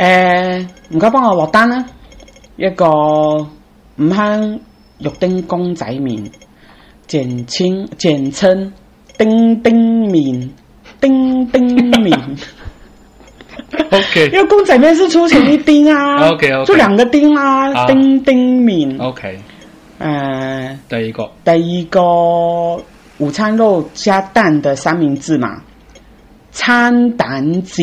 誒、呃，唔該，幫我落單啦、啊。一個五香肉丁公仔麵，簡稱簡稱丁丁麵，丁丁麵。丁丁 OK。因為公仔麵係出前一丁啊， okay, okay. 就兩個丁啦、啊，uh, 丁丁麵。OK、呃。誒，第二個，第二個午餐肉加蛋的三明治嘛，餐蛋治。